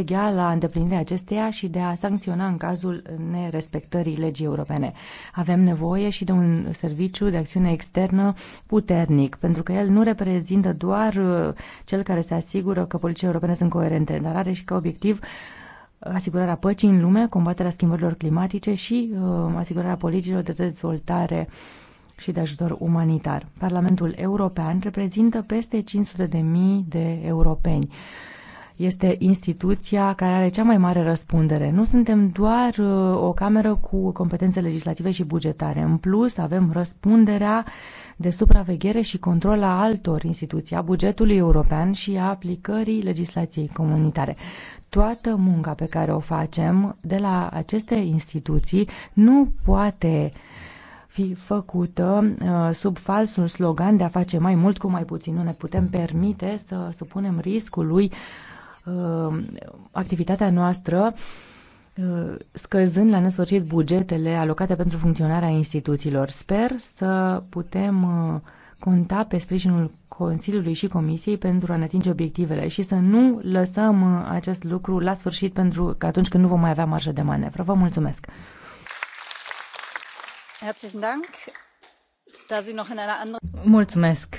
veghea la îndeplinirea acesteia și de a sancționa în cazul nerespectării legii europene. Avem nevoie și de un serviciu de acțiune externă puternic, pentru că el nu reprezintă doar uh, cel care se asigură că politicile europene sunt coerente, dar are și ca obiectiv asigurarea păcii în lume, combaterea schimbărilor climatice și uh, asigurarea politicilor de dezvoltare și de ajutor umanitar. Parlamentul European reprezintă peste 500.000 de europeni. Uh, este instituția care are cea mai mare răspundere. Nu suntem doar uh, o cameră cu competențe legislative și bugetare. În plus, avem răspunderea de supraveghere și control a altor instituții, a bugetului european și a aplicării legislației comunitare. Toată munca pe care o facem de la aceste instituții nu poate fi făcută uh, sub falsul slogan de a face mai mult cu mai puțin. Nu ne putem permite să supunem riscului uh, Uh, activitatea noastră uh, scăzând la nesfârșit bugetele alocate pentru funcționarea instituțiilor. Sper să putem uh, conta pe sprijinul Consiliului și Comisiei pentru a ne atinge obiectivele și să nu lăsăm acest lucru la sfârșit pentru că atunci când nu vom mai avea marjă de manevră. Vă mulțumesc! Da, mulțumesc!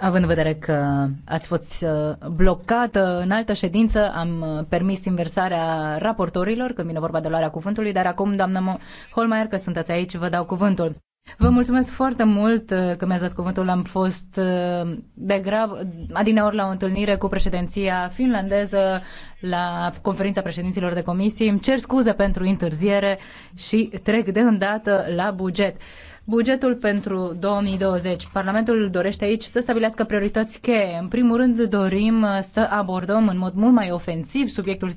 Având în vedere că ați fost uh, blocată în altă ședință, am uh, permis inversarea raportorilor când vine vorba de luarea cuvântului, dar acum, doamnă Holmeier, că sunteți aici, vă dau cuvântul. Vă mulțumesc foarte mult uh, că mi-ați dat cuvântul. Am fost de grav adineori la o întâlnire cu președinția finlandeză la conferința președinților de comisii. Îmi cer scuze pentru întârziere și trec de îndată la buget. Bugetul pentru 2020. Parlamentul dorește aici să stabilească priorități cheie. În primul rând dorim uh, să abordăm în mod mult mai ofensiv subiectul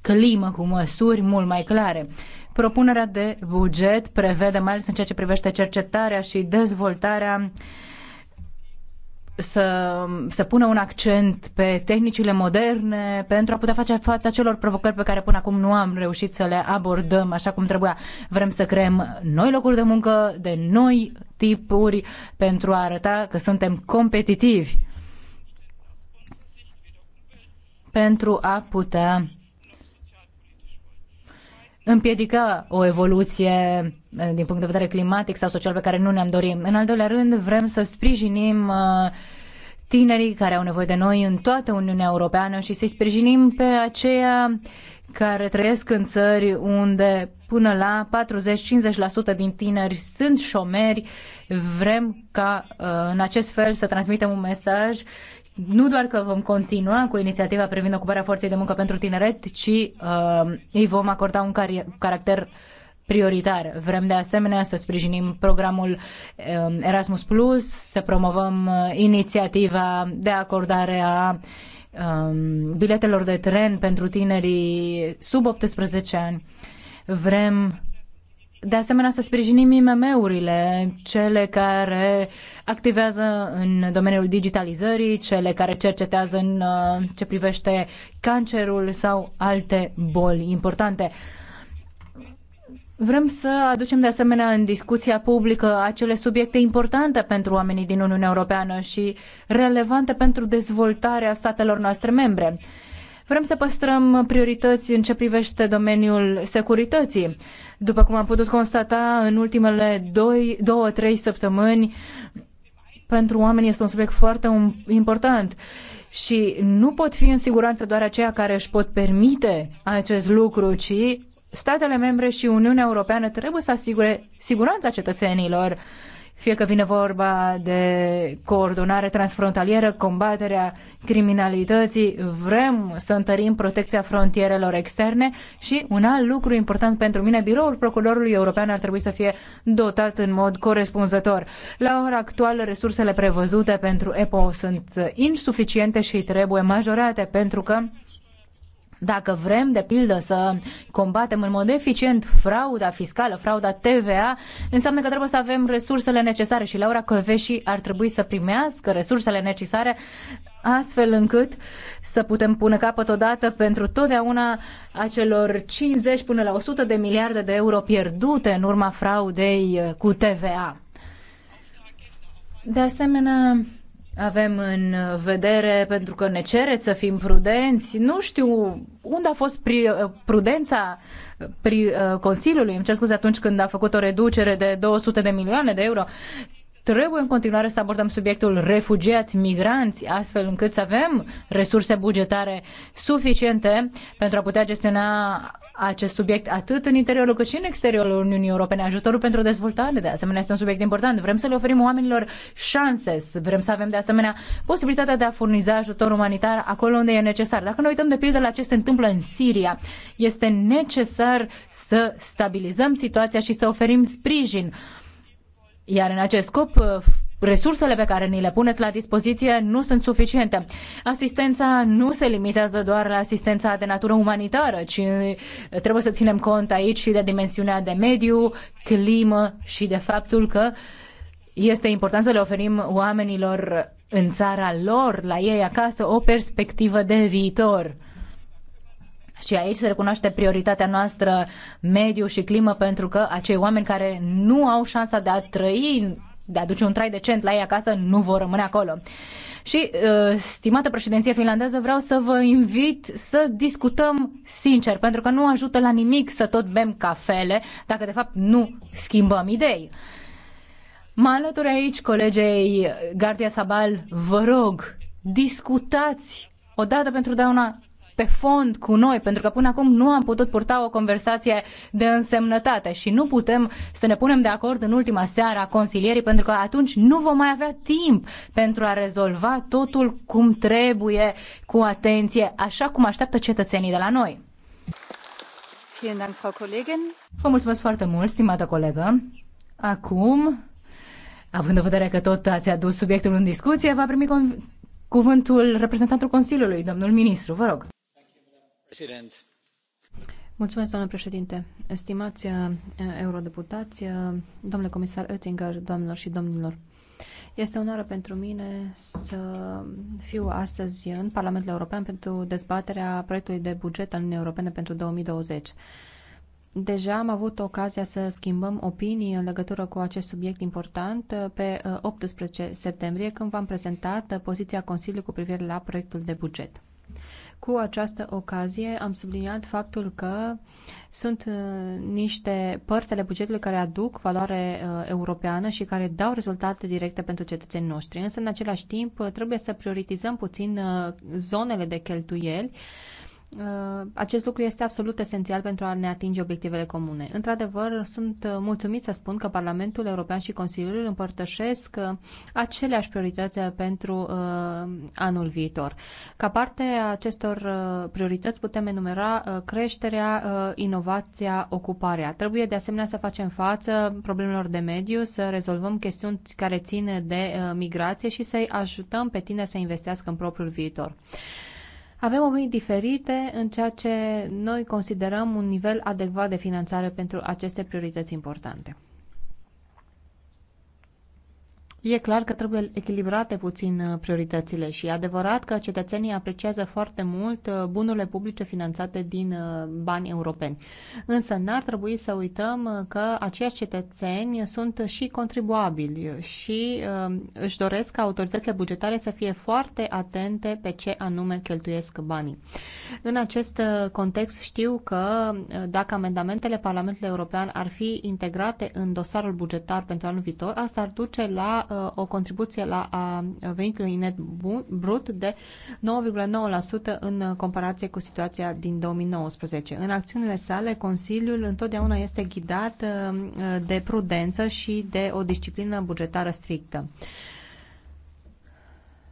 climă cu măsuri mult mai clare. Propunerea de buget prevede, mai ales în ceea ce privește cercetarea și dezvoltarea uh, să se pună un accent pe tehnicile moderne pentru a putea face față acelor provocări pe care până acum nu am reușit să le abordăm așa cum trebuia. Vrem să creăm noi locuri de muncă de noi tipuri pentru a arăta că suntem competitivi pentru a putea împiedica o evoluție Eh, din punct de vedere climatic sau social pe care nu ne-am dorit. În al doilea rând, vrem să sprijinim eh, tinerii care au nevoie de noi în toată Uniunea Europeană și să-i sprijinim pe aceia care trăiesc în țări unde până la 40-50% din tineri sunt șomeri. Vrem ca eh, în acest fel să transmitem un mesaj nu doar că vom continua cu inițiativa privind ocuparea forței de muncă pentru tineret, ci uh, îi vom acorda un car- caracter prioritar. Vrem de asemenea să sprijinim programul um, Erasmus Plus, să promovăm uh, inițiativa de acordare a um, biletelor de tren pentru tinerii sub 18 ani. Vrem de asemenea, să sprijinim IMM-urile, cele care activează în domeniul digitalizării, cele care cercetează în uh, ce privește cancerul sau alte boli importante. Vrem să aducem de asemenea în discuția publică acele subiecte importante pentru oamenii din Uniunea Europeană și relevante pentru dezvoltarea statelor noastre membre. Vrem să păstrăm priorități în ce privește domeniul securității. După cum am putut constata în ultimele 2-3 săptămâni, pentru oameni este un subiect foarte important și nu pot fi în siguranță doar aceia care își pot permite acest lucru, ci statele membre și Uniunea Europeană trebuie să asigure siguranța cetățenilor, fie că vine vorba de coordonare transfrontalieră, combaterea criminalității, vrem să întărim protecția frontierelor externe și un alt lucru important pentru mine, biroul procurorului european ar trebui să fie dotat în mod corespunzător. La ora actuală, resursele prevăzute pentru EPO sunt insuficiente și trebuie majorate pentru că dacă vrem, de pildă, să combatem în mod eficient frauda fiscală, frauda TVA, înseamnă că trebuie să avem resursele necesare și Laura Căveșii ar trebui să primească resursele necesare astfel încât să putem pune capăt odată pentru totdeauna acelor 50 până la 100 de miliarde de euro pierdute în urma fraudei uh, cu TVA. De asemenea, avem în vedere pentru că ne cereți să fim prudenți. Nu știu unde a fost pri, prudența pri, uh, Consiliului, îmi cer scuze, atunci când a făcut o reducere de 200 de milioane de euro. Trebuie în continuare să abordăm subiectul refugiați, migranți, astfel încât să avem resurse bugetare suficiente pentru a putea gestiona acest subiect atât în interiorul cât și în exteriorul Uniunii Europene. Ajutorul pentru dezvoltare, de asemenea, este un subiect important. Vrem să le oferim oamenilor șanse, vrem să avem, de asemenea, posibilitatea de a furniza ajutor umanitar acolo unde e necesar. Dacă ne uităm, de pildă, la ce se întâmplă în Siria, este necesar să stabilizăm situația și să oferim sprijin. Iar în acest scop, resursele pe care ni le puneți la dispoziție nu sunt suficiente. Asistența nu se limitează doar la asistența de natură umanitară, ci trebuie să ținem cont aici și de dimensiunea de mediu, climă și de faptul că este important să le oferim oamenilor în țara lor, la ei acasă, o perspectivă de viitor. Și aici se recunoaște prioritatea noastră mediu și climă pentru că acei oameni care nu au șansa de a trăi de a duce un trai decent la ei acasă, nu vor rămâne acolo. Și, uh, stimată președinție finlandeză, vreau să vă invit să discutăm sincer, pentru că nu ajută la nimic să tot bem cafele dacă, de fapt, nu schimbăm idei. Mă alătur aici colegei Gardia Sabal, vă rog, discutați odată pentru deauna pe fond cu noi, pentru că până acum nu am putut purta o conversație de însemnătate și nu putem să ne punem de acord în ultima seară a consilierii, pentru că atunci nu vom mai avea timp pentru a rezolva totul cum trebuie, cu atenție, așa cum așteaptă cetățenii de la noi. Vă mulțumesc foarte mult, stimată colegă. Acum, având în vedere că tot ați adus subiectul în discuție, va primi cuvântul reprezentantul Consiliului, domnul ministru. Vă rog. Mulțumesc, președinte. Stimați uh, eurodeputați, uh, domnule comisar Oettinger, doamnelor și domnilor. Este o onoare pentru mine să fiu astăzi în Parlamentul European pentru dezbaterea proiectului de buget al Uniunii Europene pentru 2020. Deja am avut ocazia să schimbăm opinii în legătură cu acest subiect important uh, pe 18 septembrie, când v-am prezentat poziția Consiliului cu privire la proiectul de buget. Cu această ocazie am subliniat faptul că sunt uh, niște părți ale bugetului care aduc valoare uh, europeană și care dau rezultate directe pentru cetățenii noștri. Însă, în același timp, trebuie să prioritizăm puțin uh, zonele de cheltuieli Uh, acest lucru este absolut esențial pentru a ne atinge obiectivele comune. Într-adevăr, sunt uh, mulțumit să spun că Parlamentul European și Consiliul împărtășesc uh, aceleași priorități pentru anul viitor. Ca parte a acestor priorități putem enumera creșterea, inovația, ocuparea. Trebuie de asemenea să facem față problemelor de mediu, să rezolvăm chestiuni care țin de migrație și să-i ajutăm pe tine să investească în propriul viitor. Avem opinii diferite în ceea ce noi considerăm un nivel adecvat de finanțare pentru aceste priorități importante. E clar că trebuie echilibrate puțin uh, prioritățile și e adevărat că cetățenii apreciază foarte mult uh, bunurile publice finanțate din uh, bani europeni. Însă n-ar trebui să uităm că aceiași cetățeni sunt și contribuabili și își doresc ca autoritățile bugetare să fie foarte atente pe ce anume cheltuiesc banii. În acest context știu că dacă amendamentele Parlamentului European ar fi integrate în dosarul bugetar pentru anul viitor, asta ar duce la Uh, o contribuție la a venitului net brut de 9,9% în comparație cu situația din 2019. În acțiunile sale, Consiliul întotdeauna este ghidat uh, de prudență și de o disciplină bugetară strictă.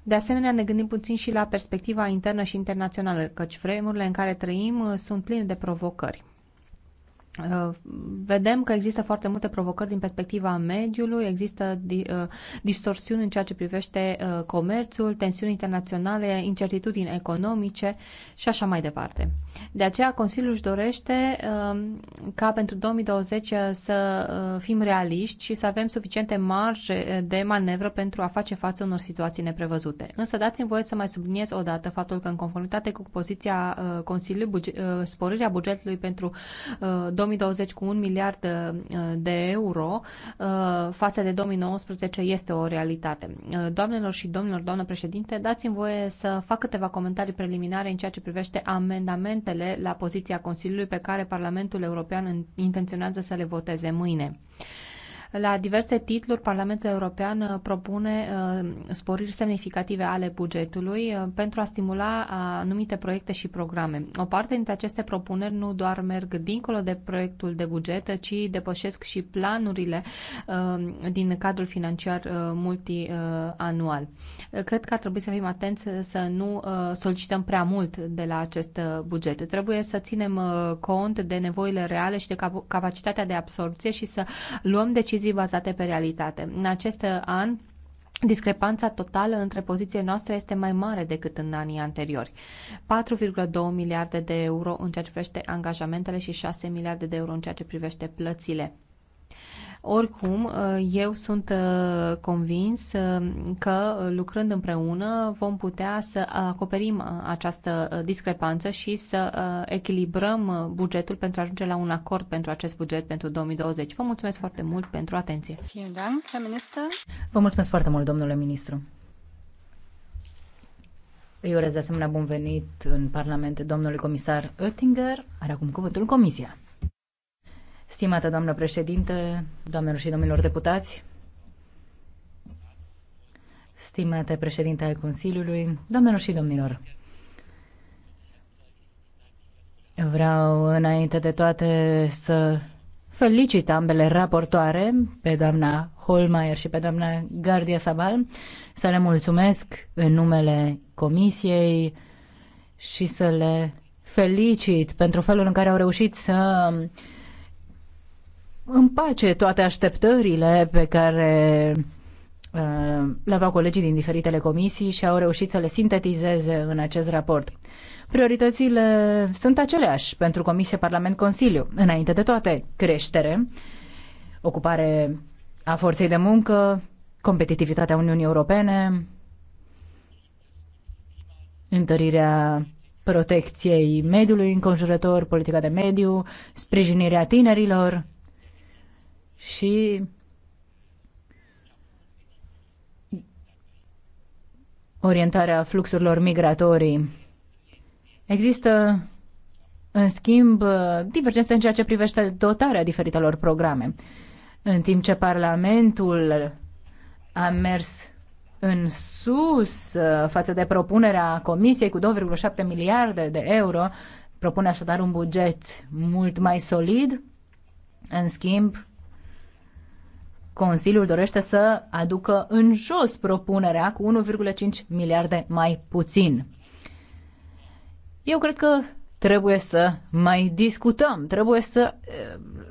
De asemenea, ne gândim puțin și la perspectiva internă și internațională, căci vremurile în care trăim uh, sunt pline de provocări. Vedem că există foarte multe provocări din perspectiva mediului, există uh, distorsiuni în ceea ce privește uh, comerțul, tensiuni internaționale, incertitudini economice și așa mai departe. De aceea Consiliul își dorește um, ca pentru 2020 uh, să fim realiști și să avem suficiente marge de manevră pentru a face față unor situații neprevăzute. Însă dați-mi voie să mai subliniez o dată faptul că în conformitate cu poziția Consiliului, sporirea bugetului pentru 2020 2020 cu un miliard uh, de euro uh, față de 2019 este o realitate. Uh, doamnelor și domnilor, doamnă președinte, dați-mi voie să fac câteva comentarii preliminare în ceea ce privește amendamentele la poziția Consiliului pe care Parlamentul European intenționează să le voteze mâine. La diverse titluri, Parlamentul European uh, propune uh, sporiri semnificative ale bugetului uh, pentru a stimula anumite proiecte și programe. O parte dintre aceste propuneri nu doar merg dincolo de proiectul de buget, ci depășesc și planurile din cadrul financiar multianual. Cred că ar trebui să fim atenți să nu solicităm prea mult de la acest buget. Trebuie să ținem cont de nevoile reale și de capacitatea de absorpție și să luăm decizii decizii bazate pe realitate. În acest an, Discrepanța totală între pozițiile noastre este mai mare decât în anii anteriori. 4,2 miliarde de euro în ceea ce privește angajamentele și 6 miliarde de euro în ceea ce privește plățile. Oricum, eh, eu sunt eh, convins eh, că lucrând împreună vom putea să acoperim această discrepanță și să echilibrăm bugetul pentru a ajunge la un acord pentru acest buget pentru 2020. Vă mulțumesc foarte mult pentru atenție. Vă mulțumesc foarte mult, domnule ministru. Îi urez de asemenea bun venit în Parlament domnului comisar Oettinger. Are acum cuvântul Comisia. Stimată doamnă președinte, doamnelor și domnilor deputați, stimate președinte al Consiliului, doamnelor și domnilor, vreau înainte de toate să felicit ambele raportoare, pe doamna Holmeier și pe doamna Gardia Sabal, să le mulțumesc în numele Comisiei și să le felicit pentru felul în care au reușit să uh, împace toate așteptările pe care uh, le aveau colegii din diferitele comisii și au reușit să le sintetizeze în acest raport. Prioritățile sunt aceleași pentru Comisie, Parlament, Consiliu. Înainte de toate, creștere, ocupare a forței de muncă, competitivitatea Uniunii Europene, întărirea protecției mediului înconjurător, politica de mediu, sprijinirea tinerilor, și orientarea fluxurilor migratorii. Există, în schimb, divergențe în ceea ce privește dotarea diferitelor programe. În timp ce Parlamentul a mers în sus uh, față de propunerea Comisiei cu 2,7 miliarde de euro, propune așadar un buget mult mai solid. În schimb, Consiliul dorește să aducă în jos propunerea cu 1,5 miliarde mai puțin. Eu cred că trebuie să mai discutăm, trebuie să eh,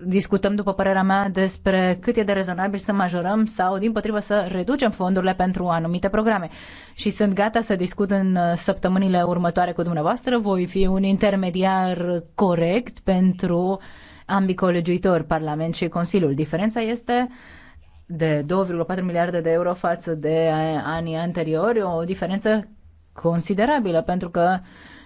discutăm, după părerea mea, despre cât e de rezonabil să majorăm sau, din potrivă, să reducem fondurile pentru anumite programe. Și sunt gata să discut în eh, săptămânile următoare cu dumneavoastră. Voi fi un intermediar corect pentru ambii colegiuitori, Parlament și Consiliul. Diferența este uh, de 2,4 miliarde de euro față de anii anteriori, o diferență considerabilă, pentru că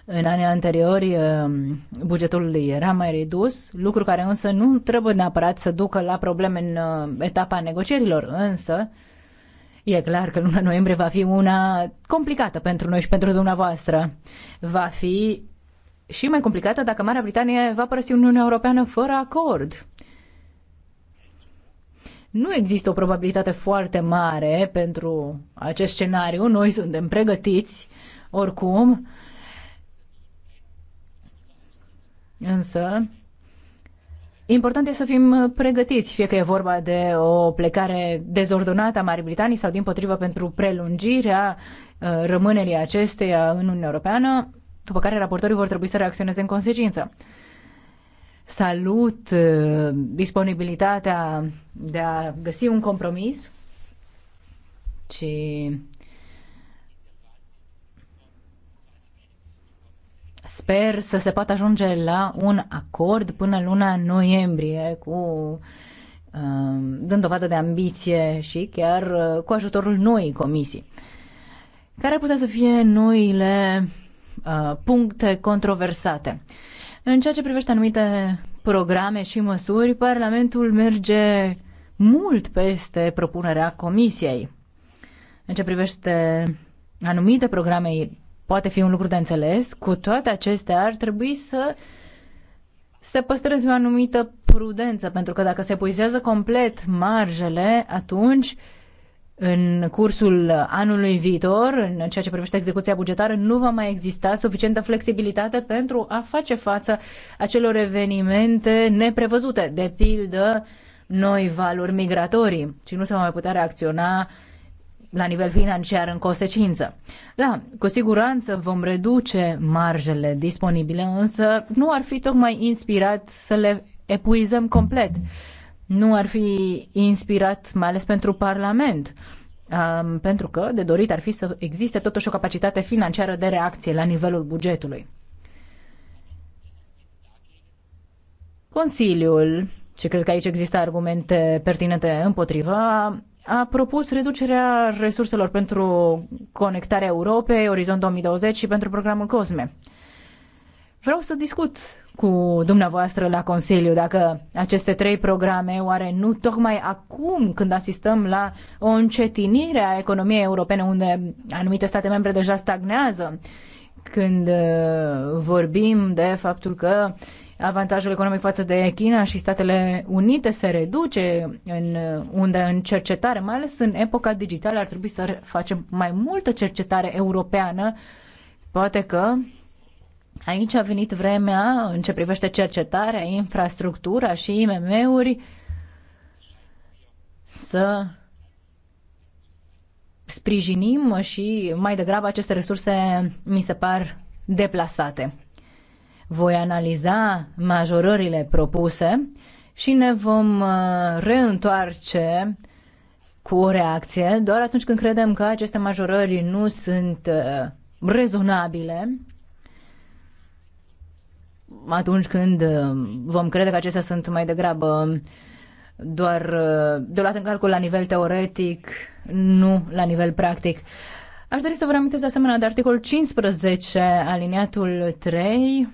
în anii anteriori um, bugetul era mai redus, lucru care însă nu trebuie neapărat să ducă la probleme în uh, etapa negocierilor, însă E clar că luna noiembrie va fi una complicată pentru noi și pentru dumneavoastră. Va fi și mai complicată dacă Marea Britanie va părăsi Uniunea Europeană fără acord. Nu există o probabilitate foarte mare pentru acest scenariu. Noi suntem pregătiți oricum. Însă, important este să fim pregătiți, fie că e vorba de o plecare dezordonată a Marii Britanii sau, din potrivă, pentru prelungirea uh, rămânerii acesteia în Uniunea Europeană, după care raportorii vor trebui să reacționeze în consecință. Salut uh, disponibilitatea de a găsi un compromis și sper să se poată ajunge la un acord până luna noiembrie cu uh, dând dovadă de ambiție și chiar uh, cu ajutorul noii comisii. Care ar putea să fie noile puncte controversate? În ceea ce privește anumite programe și măsuri, Parlamentul merge mult peste propunerea Comisiei. În ce privește anumite programe, poate fi un lucru de înțeles. Cu toate acestea, ar trebui să se păstreze o anumită prudență, pentru că dacă se puizează complet marjele, atunci uh, în cursul anului viitor, în ceea ce privește execuția bugetară, nu va mai exista suficientă flexibilitate pentru a face față acelor evenimente neprevăzute, de pildă noi valuri migratorii, ci nu se va mai putea reacționa la nivel financiar în consecință. Da, cu siguranță vom reduce marjele disponibile, însă nu ar fi tocmai inspirat să le epuizăm complet. Mm nu ar fi inspirat, mai ales pentru Parlament, pentru că de dorit ar fi să existe totuși o capacitate financiară de reacție la nivelul bugetului. Consiliul, și cred că aici există argumente pertinente împotriva, a propus reducerea resurselor pentru conectarea Europei, Orizont 2020 și pentru programul COSME. Vreau să discut cu dumneavoastră la Consiliu, dacă aceste trei programe, oare nu tocmai acum când asistăm la o încetinire a economiei europene, unde anumite state membre deja stagnează, când uh, vorbim de faptul că avantajul economic față de China și Statele Unite se reduce în, uh, unde în cercetare, mai ales în epoca digitală, ar trebui să facem mai multă cercetare europeană. Poate că Aici a venit vremea, în ce privește cercetarea, infrastructura și IMM-uri, să sprijinim și mai degrabă aceste resurse mi se par deplasate. Voi analiza majorările propuse și ne vom uh, reîntoarce cu o reacție doar atunci când credem că aceste majorări nu sunt uh, rezonabile atunci când uh, vom crede că acestea sunt mai degrabă doar uh, de luat în calcul la nivel teoretic, nu la nivel practic. Aș dori să vă reamintesc de asemenea de articolul 15, aliniatul 3,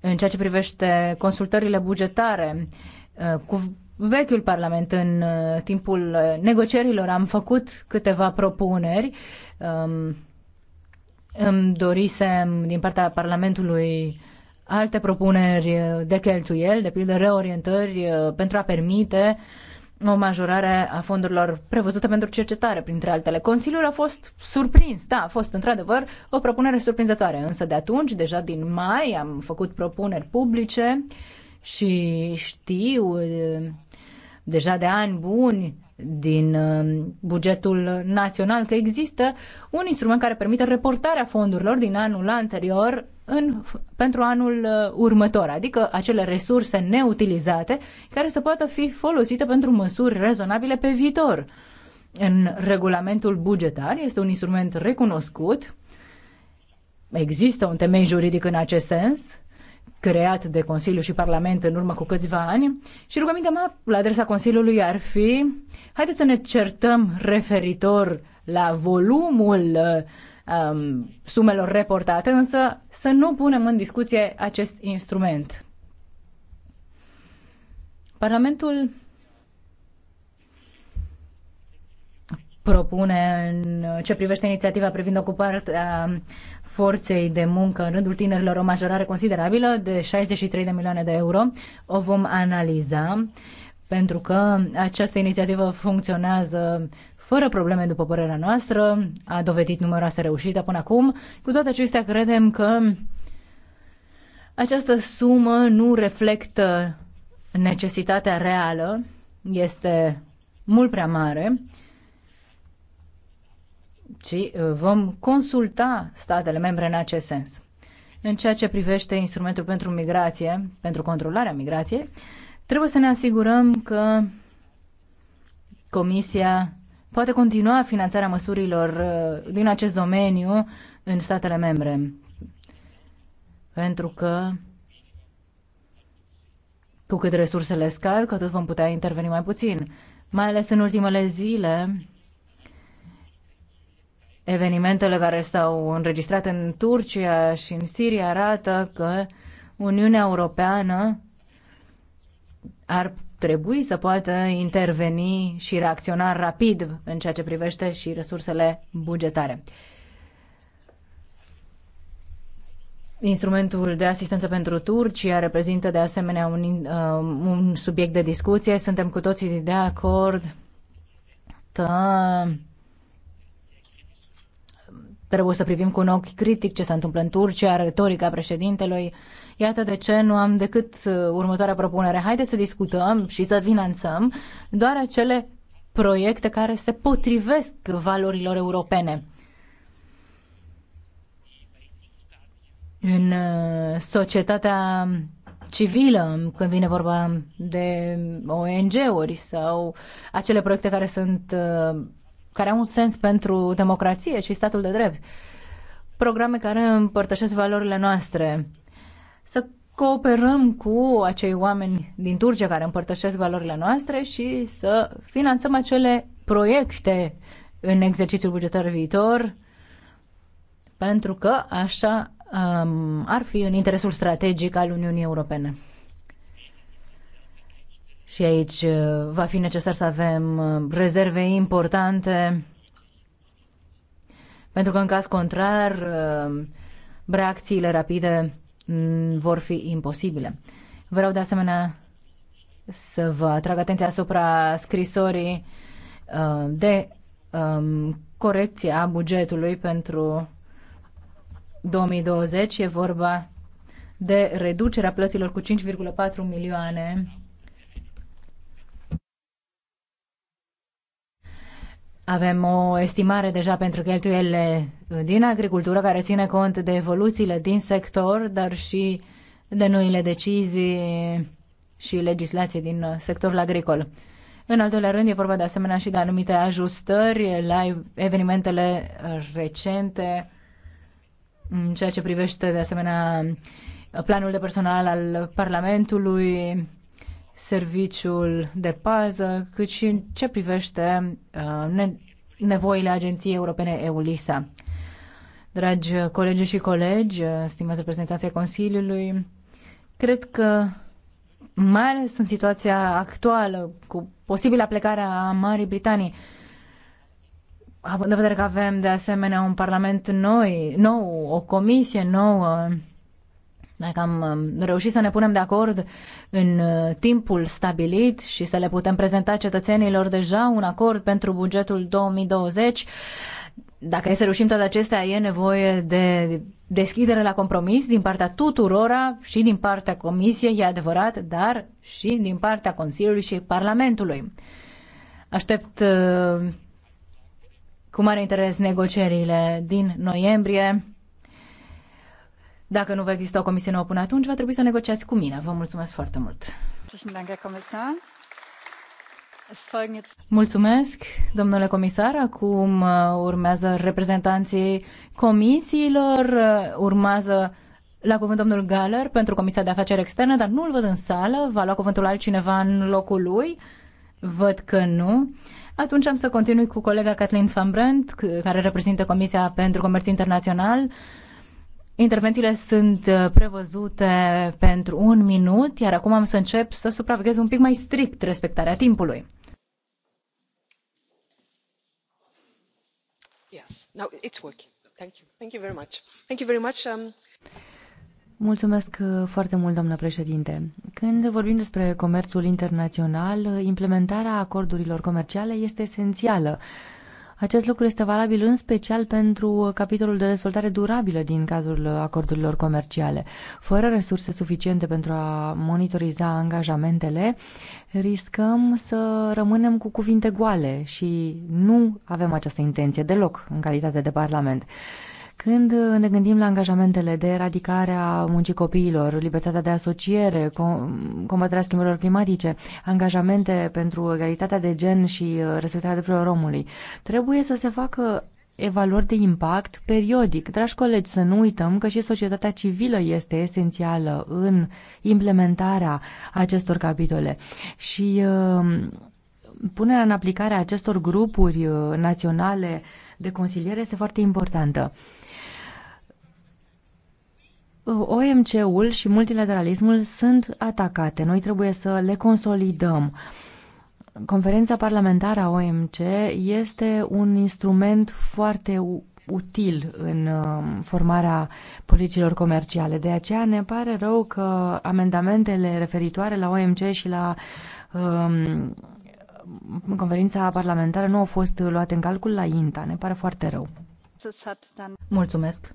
în ceea ce privește consultările bugetare uh, cu vechiul Parlament în timpul negocierilor. Am făcut câteva propuneri um, îmi dorisem din partea Parlamentului alte propuneri de cheltuieli, de pildă reorientări uh, pentru a permite o majorare a fondurilor prevăzute pentru cercetare, printre altele. Consiliul a fost surprins, da, a fost într-adevăr o propunere surprinzătoare, însă de atunci, deja din mai, am făcut propuneri publice și știu uh, deja de ani buni din uh, bugetul național, că există un instrument care permite reportarea fondurilor din anul anterior în, pentru anul uh, următor, adică acele resurse neutilizate care să poată fi folosite pentru măsuri rezonabile pe viitor. În regulamentul bugetar este un instrument recunoscut, există un temei juridic în acest sens, creat de Consiliu și Parlament în urmă cu câțiva ani și rugămintea mea la adresa Consiliului ar fi haideți să ne certăm referitor la volumul uh, um, sumelor reportate, însă să nu punem în discuție acest instrument. Parlamentul propune în ce privește inițiativa privind ocuparea forței de muncă în rândul tinerilor o majorare considerabilă de 63 de milioane de euro. O vom analiza pentru că această inițiativă funcționează fără probleme, după părerea noastră, a dovedit numeroase reușite până acum. Cu toate acestea, credem că această sumă nu reflectă necesitatea reală, este mult prea mare ci uh, vom consulta statele membre în acest sens. În ceea ce privește instrumentul pentru migrație, pentru controlarea migrației, trebuie să ne asigurăm că Comisia poate continua finanțarea măsurilor uh, din acest domeniu în statele membre. Pentru că cu cât resursele scad, cu atât vom putea interveni mai puțin. Mai ales în ultimele zile, Evenimentele care s-au înregistrat în Turcia și în Siria arată că Uniunea Europeană ar trebui să poată interveni și reacționa rapid în ceea ce privește și resursele bugetare. Instrumentul de asistență pentru Turcia reprezintă de asemenea un, uh, un subiect de discuție. Suntem cu toții de acord că Trebuie să privim cu un ochi critic ce se întâmplă în Turcia, retorica președintelui. Iată de ce nu am decât uh, următoarea propunere. Haideți să discutăm și să finanțăm doar acele proiecte care se potrivesc valorilor europene. În uh, societatea civilă, când vine vorba de ONG-uri sau acele proiecte care sunt uh, care au un sens pentru democrație și statul de drept. Programe care împărtășesc valorile noastre. Să cooperăm cu acei oameni din Turcia care împărtășesc valorile noastre și să finanțăm acele proiecte în exercițiul bugetar viitor, pentru că așa um, ar fi în interesul strategic al Uniunii Europene. Și aici uh, va fi necesar să avem uh, rezerve importante, pentru că în caz contrar, uh, reacțiile rapide mm, vor fi imposibile. Vreau de asemenea să vă atrag atenția asupra scrisorii de um, corecție a bugetului pentru 2020. E vorba de reducerea plăților cu 5,4 milioane Avem o estimare deja pentru cheltuielile uh, din agricultură care ține cont de evoluțiile din sector, dar și de noile decizii și legislație din uh, sectorul agricol. În al doilea rând, e vorba de asemenea și de anumite ajustări la evenimentele uh, recente, în ceea ce privește de asemenea planul de personal al Parlamentului, serviciul de pază, cât și în ce privește uh, nevoile Agenției Europene EULISA. Dragi colegi și colegi, uh, stimați reprezentanții Consiliului, cred că mai ales în situația actuală, cu posibilă plecare a Marii Britanii, având în vedere că avem de asemenea un parlament noi, nou, o comisie nouă, dacă am reușit să ne punem de acord în uh, timpul stabilit și să le putem prezenta cetățenilor deja un acord pentru bugetul 2020, dacă e să reușim toate acestea, e nevoie de deschidere la compromis din partea tuturora și din partea Comisiei, e adevărat, dar și din partea Consiliului și Parlamentului. Aștept uh, cu mare interes negocierile din noiembrie dacă nu va exista o comisie nouă până atunci, va trebui să negociați cu mine. Vă mulțumesc foarte mult. Mulțumesc, domnule comisar. Acum uh, urmează reprezentanții comisiilor, uh, urmează la cuvânt domnul Galler pentru Comisia de Afaceri Externe, dar nu îl văd în sală. Va lua cuvântul altcineva în locul lui? Văd că nu. Atunci am să continui cu colega Kathleen Van Brandt, care reprezintă Comisia pentru Comerț Internațional. Intervențiile sunt uh, prevăzute pentru un minut, iar acum am să încep să supraveghez un pic mai strict respectarea timpului. Yes, now it's working. Thank you. Thank you very much. Thank you very much. Um... Mulțumesc uh, foarte mult, doamnă președinte. Când vorbim despre comerțul internațional, uh, implementarea acordurilor comerciale este esențială acest lucru este valabil în special pentru uh, capitolul de dezvoltare durabilă din cazul uh, acordurilor comerciale. Fără resurse suficiente pentru a monitoriza angajamentele, riscăm să rămânem cu cuvinte goale și nu avem această intenție deloc în calitate de Parlament. Când ne gândim la angajamentele de eradicare a muncii copiilor, libertatea de asociere, combaterea schimbărilor climatice, angajamente pentru egalitatea de gen și uh, respectarea drepturilor omului, trebuie să se facă evaluări de impact periodic. Dragi colegi, să nu uităm că și societatea civilă este esențială în implementarea acestor capitole. Și uh, punerea în aplicare a acestor grupuri uh, naționale de consiliere este foarte importantă. OMC-ul și multilateralismul sunt atacate. Noi trebuie să le consolidăm. Conferința parlamentară a OMC este un instrument foarte util în um, formarea politicilor comerciale. De aceea ne pare rău că amendamentele referitoare la OMC și la um, conferința parlamentară nu au fost luate în calcul la INTA. Ne pare foarte rău. Mulțumesc.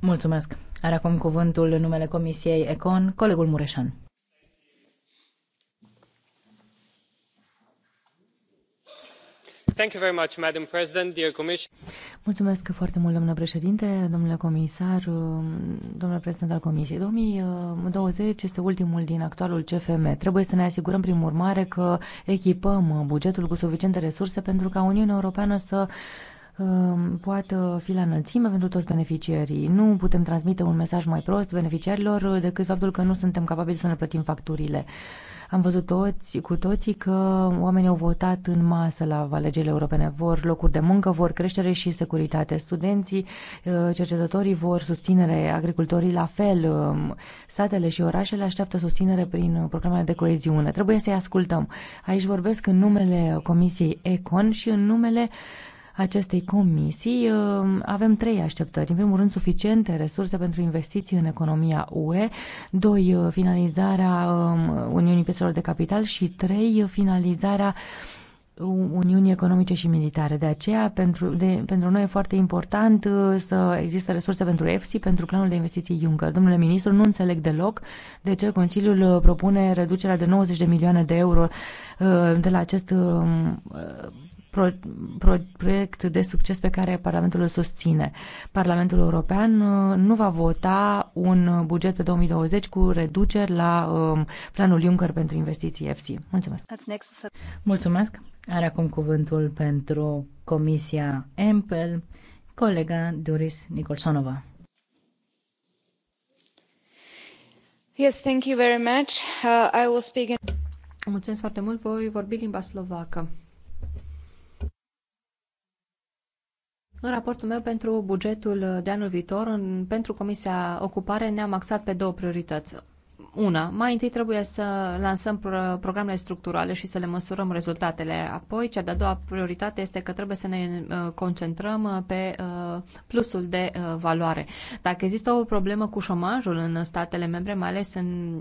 Mulțumesc. Are acum cuvântul în numele Comisiei Econ, colegul Mureșan. Mulțumesc foarte mult, domnule președinte, domnule comisar, domnule președinte al Comisiei. 2020 este ultimul din actualul CFM. Trebuie să ne asigurăm, prin urmare, că echipăm bugetul cu suficiente resurse pentru ca Uniunea Europeană să Um, Poate fi la înălțime pentru toți beneficiarii. Nu putem transmite un mesaj mai prost beneficiarilor uh, decât faptul că nu suntem capabili să ne plătim facturile. Am văzut toți, cu toții că oamenii au votat în masă la alegerile europene. Vor locuri de muncă, vor creștere și securitate. Studenții, uh, cercetătorii vor susținere, agricultorii la fel. Um, satele și orașele așteaptă susținere prin programele de coeziune. Trebuie să-i ascultăm. Aici vorbesc în numele Comisiei Econ și în numele uh, acestei comisii ehm, avem trei așteptări. În primul rând, suficiente resurse pentru investiții în economia UE, doi, finalizarea ehm, Uniunii Piețelor de Capital și trei, finalizarea Uniunii Economice și Militare. De aceea, pentru, de, pentru noi e foarte important ehm, să există resurse pentru EFSI, pentru planul de investiții Juncker. Domnule ministru, nu înțeleg deloc de ce Consiliul propune reducerea de 90 de milioane de euro de la acest pro, pro, proiect de succes pe care Parlamentul îl susține. Parlamentul European uh, nu va vota un buget pe 2020 cu reduceri la um, planul Juncker pentru investiții FC. Mulțumesc! Mulțumesc! Are acum cuvântul pentru Comisia EMPEL, colega Doris Nicolsonova. Yes, thank you very much. Uh, I will speak in... Mulțumesc foarte mult. Voi vorbi limba slovacă. În raportul meu pentru bugetul de anul viitor, în, pentru Comisia Ocupare, ne-am axat pe două priorități una. Mai întâi trebuie să lansăm programele structurale și să le măsurăm rezultatele. Apoi, cea de-a doua prioritate este că trebuie să ne uh, concentrăm uh, pe uh, plusul de valoare. Dacă există o problemă cu șomajul în statele membre, mai ales în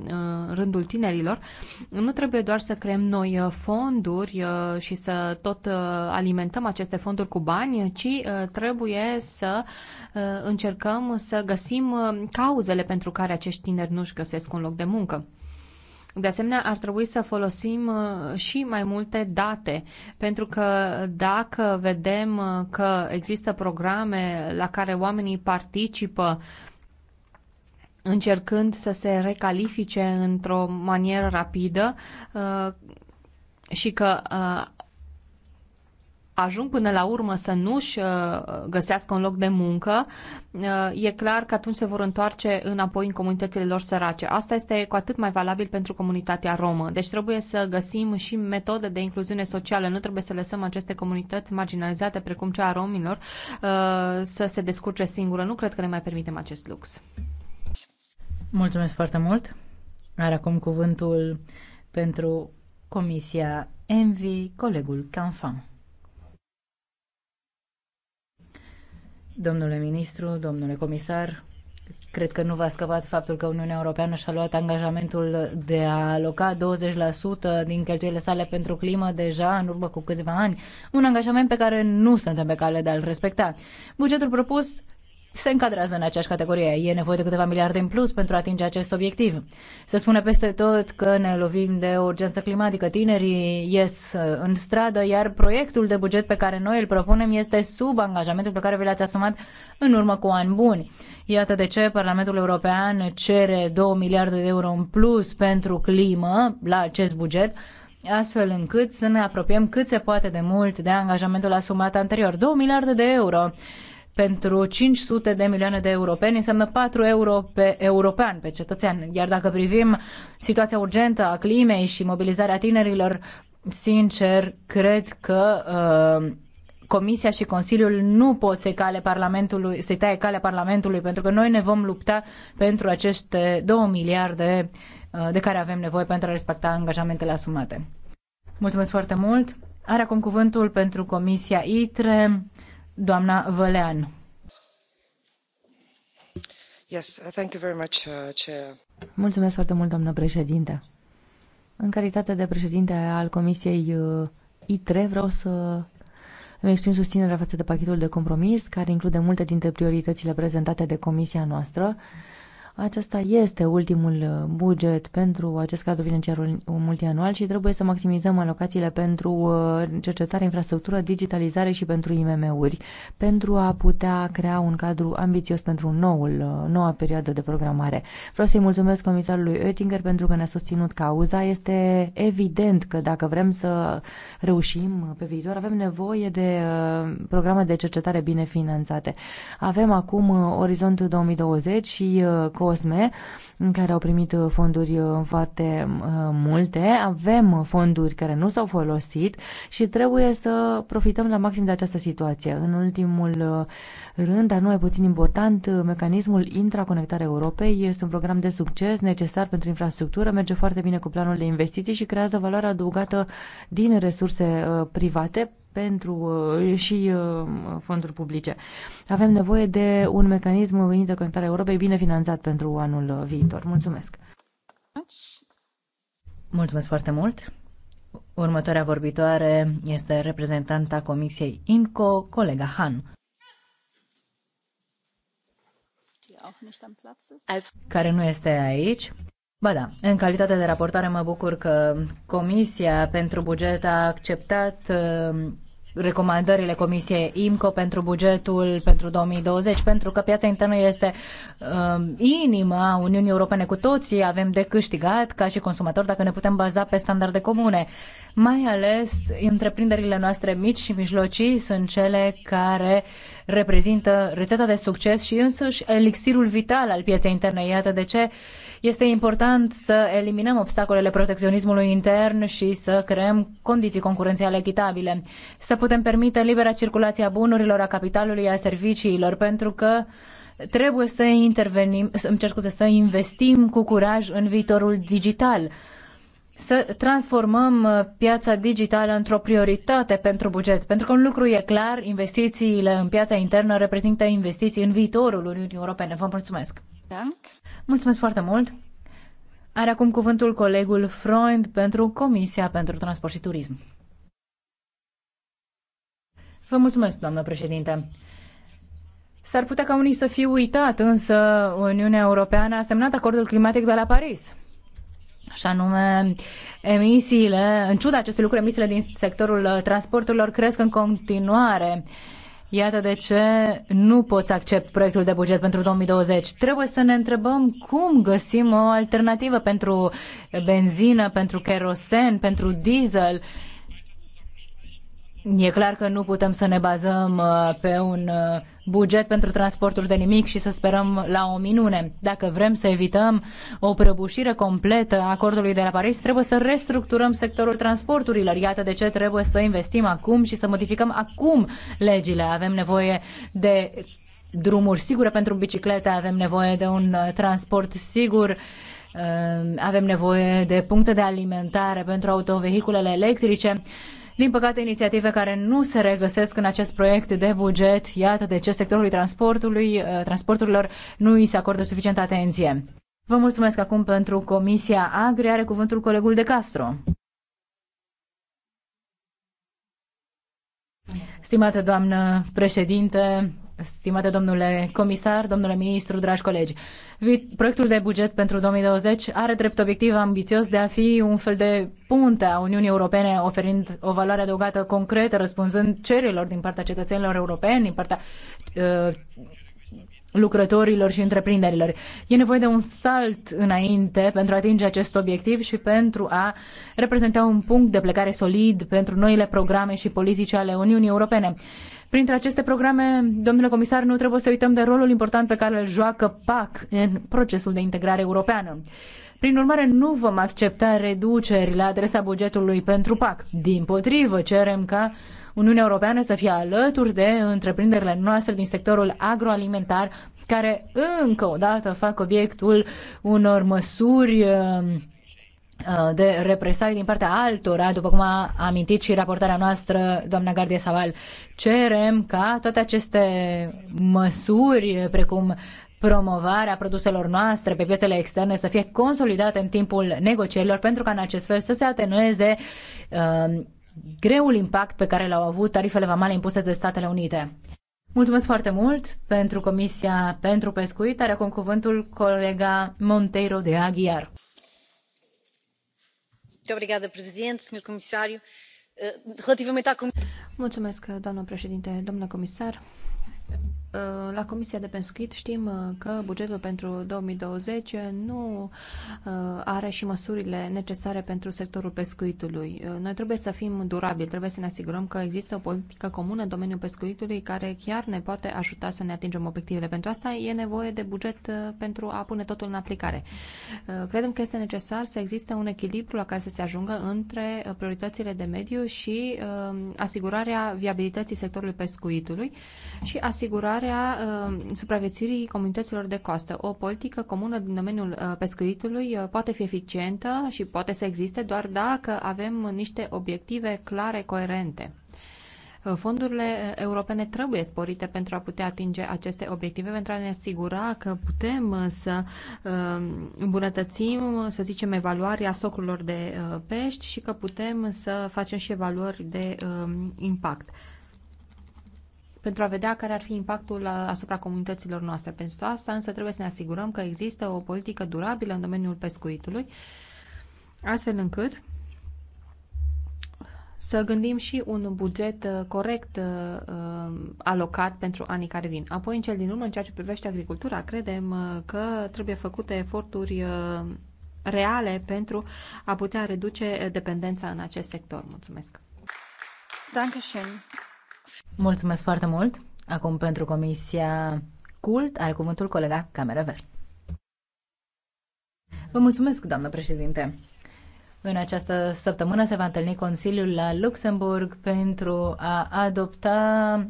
rândul tinerilor, nu trebuie doar să creăm noi fonduri și să tot alimentăm aceste fonduri cu bani, ci trebuie să încercăm să găsim cauzele pentru care acești tineri nu-și găsesc un loc de muncă. De asemenea, ar trebui să folosim uh, și mai multe date, pentru că dacă vedem uh, că există programe la care oamenii participă încercând să se recalifice într-o manieră rapidă uh, și că ajung până la urmă să nu-și uh, găsească un loc de muncă, uh, e clar că atunci se vor întoarce înapoi în comunitățile lor sărace. Asta este cu atât mai valabil pentru comunitatea romă. Deci trebuie să găsim și metode de incluziune socială. Nu trebuie să lăsăm aceste comunități marginalizate, precum cea a romilor, uh, să se descurce singură. Nu cred că ne mai permitem acest lux. Mulțumesc foarte mult. Are acum cuvântul pentru Comisia Envi, colegul Canfan. Domnule ministru, domnule comisar, cred că nu v-a scăpat faptul că Uniunea Europeană și-a luat angajamentul de a aloca 20% din cheltuielile sale pentru climă deja în urmă cu câțiva ani, un angajament pe care nu suntem pe cale de a-l respecta. Bugetul propus se încadrează în aceeași categorie. E nevoie de câteva miliarde în plus pentru a atinge acest obiectiv. Se spune peste tot că ne lovim de urgență climatică. Tinerii ies uh, în stradă, iar proiectul de buget pe care noi îl propunem este sub angajamentul pe care vi l-ați asumat în urmă cu ani buni. Iată de ce Parlamentul European cere 2 miliarde de euro în plus pentru climă la acest buget, astfel încât să ne apropiem cât se poate de mult de angajamentul asumat anterior, 2 miliarde de euro pentru 500 de milioane de europeni înseamnă 4 euro pe european, pe cetățean. Iar dacă privim situația urgentă a climei și mobilizarea tinerilor, sincer, cred că uh, Comisia și Consiliul nu pot să-i, cale Parlamentului, să taie calea Parlamentului, pentru că noi ne vom lupta pentru aceste 2 miliarde uh, de care avem nevoie pentru a respecta angajamentele asumate. Mulțumesc foarte mult! Are acum cuvântul pentru Comisia ITRE, doamna Vălean. Yes, thank you very much, uh, Chair. Mulțumesc foarte mult, doamnă președinte. În calitate de președinte al Comisiei uh, I3 vreau să îmi exprim susținerea față de pachetul de compromis, care include multe dintre prioritățile prezentate de comisia noastră. Acesta este ultimul uh, buget pentru acest cadru financiar multianual și trebuie să maximizăm alocațiile pentru uh, cercetare, infrastructură, digitalizare și pentru IMM-uri, pentru a putea crea un cadru ambițios pentru noul, uh, noua perioadă de programare. Vreau să-i mulțumesc comisarului Oettinger pentru că ne-a susținut cauza. Este evident că dacă vrem să reușim pe viitor, avem nevoie de programe de cercetare bine finanțate. Avem acum Orizont 2020 și COSME, care au primit uh, fonduri uh, foarte uh, multe. Avem fonduri care nu s-au folosit și trebuie să profităm la maxim de această situație. În ultimul rând, dar nu mai puțin important, mecanismul Intraconectare Europei este un program de succes necesar pentru infrastructură, merge foarte bine cu planul de investiții și creează valoare adăugată din resurse private pentru și fonduri publice. Avem nevoie de un mecanism Interconectare Europei bine finanțat pentru pentru anul viitor. Mulțumesc! Mulțumesc foarte mult! Următoarea vorbitoare este reprezentanta Comisiei INCO, colega Han. Care nu este aici. Ba da, în calitate de raportare mă bucur că Comisia pentru Buget a acceptat uh, recomandările Comisiei IMCO pentru bugetul pentru 2020, pentru că piața internă este um, inima Uniunii Europene cu toții, avem de câștigat ca și consumatori dacă ne putem baza pe standarde comune. Mai ales întreprinderile noastre mici și mijlocii sunt cele care reprezintă rețeta de succes și însuși elixirul vital al pieței interne. Iată de ce uh, este important să eliminăm obstacolele protecționismului intern și să creăm condiții concurențiale echitabile, să putem permite libera circulație a bunurilor, a capitalului, a serviciilor, pentru că trebuie să intervenim, să, îmi cer scuze, să investim cu curaj în viitorul digital să transformăm uh, piața digitală într-o prioritate pentru buget. Pentru că un lucru e clar, investițiile în piața internă reprezintă investiții în viitorul Uniunii Europene. Vă mulțumesc! Dank. Mulțumesc foarte mult! Are acum cuvântul colegul Freund pentru Comisia pentru Transport și Turism. Vă mulțumesc, doamnă președinte. S-ar putea ca unii să fie uitat, însă Uniunea Europeană a semnat acordul climatic de la Paris. Și anume, emisiile, în ciuda acestui lucru, emisiile din sectorul uh, transporturilor cresc în continuare. Uh, Iată de ce nu pot să accept proiectul de buget pentru 2020. Trebuie să ne întrebăm cum găsim o alternativă pentru benzină, pentru kerosen, pentru diesel. E clar că nu putem să ne bazăm uh, pe un uh, buget pentru transportul de nimic și să sperăm la o minune. Dacă vrem să evităm o prăbușire completă a acordului de la Paris, trebuie să restructurăm sectorul transporturilor. Iată de ce trebuie să investim acum și să modificăm acum legile. Avem nevoie de drumuri sigure pentru biciclete, avem nevoie de un uh, transport sigur avem nevoie de puncte de alimentare pentru autovehiculele electrice. Din păcate, inițiative care nu se regăsesc în acest proiect de buget, iată de ce sectorului transportului, uh, transporturilor nu îi se acordă suficientă atenție. Vă mulțumesc acum pentru Comisia Agri. Are cuvântul colegul de Castro. Stimată doamnă președinte, Stimate domnule comisar, domnule ministru, dragi colegi, proiectul de buget pentru 2020 are drept obiectiv ambițios de a fi un fel de punte a Uniunii Europene, oferind o valoare adăugată concretă, răspunzând cererilor din partea cetățenilor europeni, din partea uh, lucrătorilor și întreprinderilor. E nevoie de un salt înainte pentru a atinge acest obiectiv și pentru a reprezenta un punct de plecare solid pentru noile programe și politici ale Uniunii Europene. Printre aceste programe, domnule comisar, nu trebuie să uităm de rolul important pe care îl joacă PAC în procesul de integrare europeană. Prin urmare, nu vom accepta reduceri la adresa bugetului pentru PAC. Din potrivă, cerem ca Uniunea Europeană să fie alături de întreprinderile noastre din sectorul agroalimentar, care încă o dată fac obiectul unor măsuri uh, Uh, de represalii din partea altora, după cum a amintit și raportarea noastră, doamna Gardie Saval, cerem ca toate aceste măsuri, precum promovarea produselor noastre pe piețele externe să fie consolidate în timpul negocierilor pentru ca în acest fel să se atenueze uh, greul impact pe care l-au avut tarifele vamale impuse de Statele Unite. Mulțumesc foarte mult pentru Comisia pentru Pescuit, are acum cuvântul colega Monteiro de Aguiar. Eh, doamnă președintă domnule comisar Uh, la Comisia de Pescuit știm uh, că bugetul pentru 2020 uh, nu are și măsurile necesare pentru sectorul pescuitului. Noi trebuie să fim durabili, trebuie să ne asigurăm că există o politică comună în domeniul pescuitului care chiar ne poate ajuta să ne atingem obiectivele. Pentru asta e nevoie de buget pentru a pune totul în aplicare. Credem că este necesar să existe un echilibru la care să se ajungă între prioritățile de mediu și asigurarea viabilității sectorului pescuitului și asigurarea promovarea uh, supraviețuirii comunităților de coastă. O politică comună din domeniul uh, pescuitului uh, poate fi eficientă și poate să existe doar dacă avem niște obiective clare, coerente. Fondurile europene trebuie sporite pentru a putea atinge aceste obiective, pentru a ne asigura că putem să îmbunătățim, să zicem, evaluarea socurilor de pești și că putem să facem și evaluări de impact pentru a vedea care ar fi impactul uh, asupra comunităților noastre. Pentru asta însă trebuie să ne asigurăm că există o politică durabilă în domeniul pescuitului, astfel încât să gândim și un buget uh, corect uh, alocat pentru anii care vin. Apoi, în cel din urmă, în ceea ce privește agricultura, credem că trebuie făcute eforturi reale pentru a putea reduce dependența în acest sector. Mulțumesc! Dankeschön. Mulțumesc foarte mult. Acum pentru Comisia Cult are cuvântul colega Camera Verde. Vă mulțumesc, doamnă președinte. În această săptămână se va întâlni Consiliul la Luxemburg pentru a adopta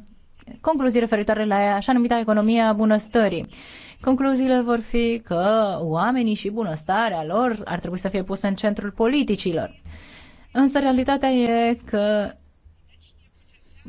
concluzii referitoare la așa numita economie bunăstării. Concluziile vor fi că oamenii și bunăstarea lor ar trebui să fie puse în centrul politicilor. Însă realitatea e că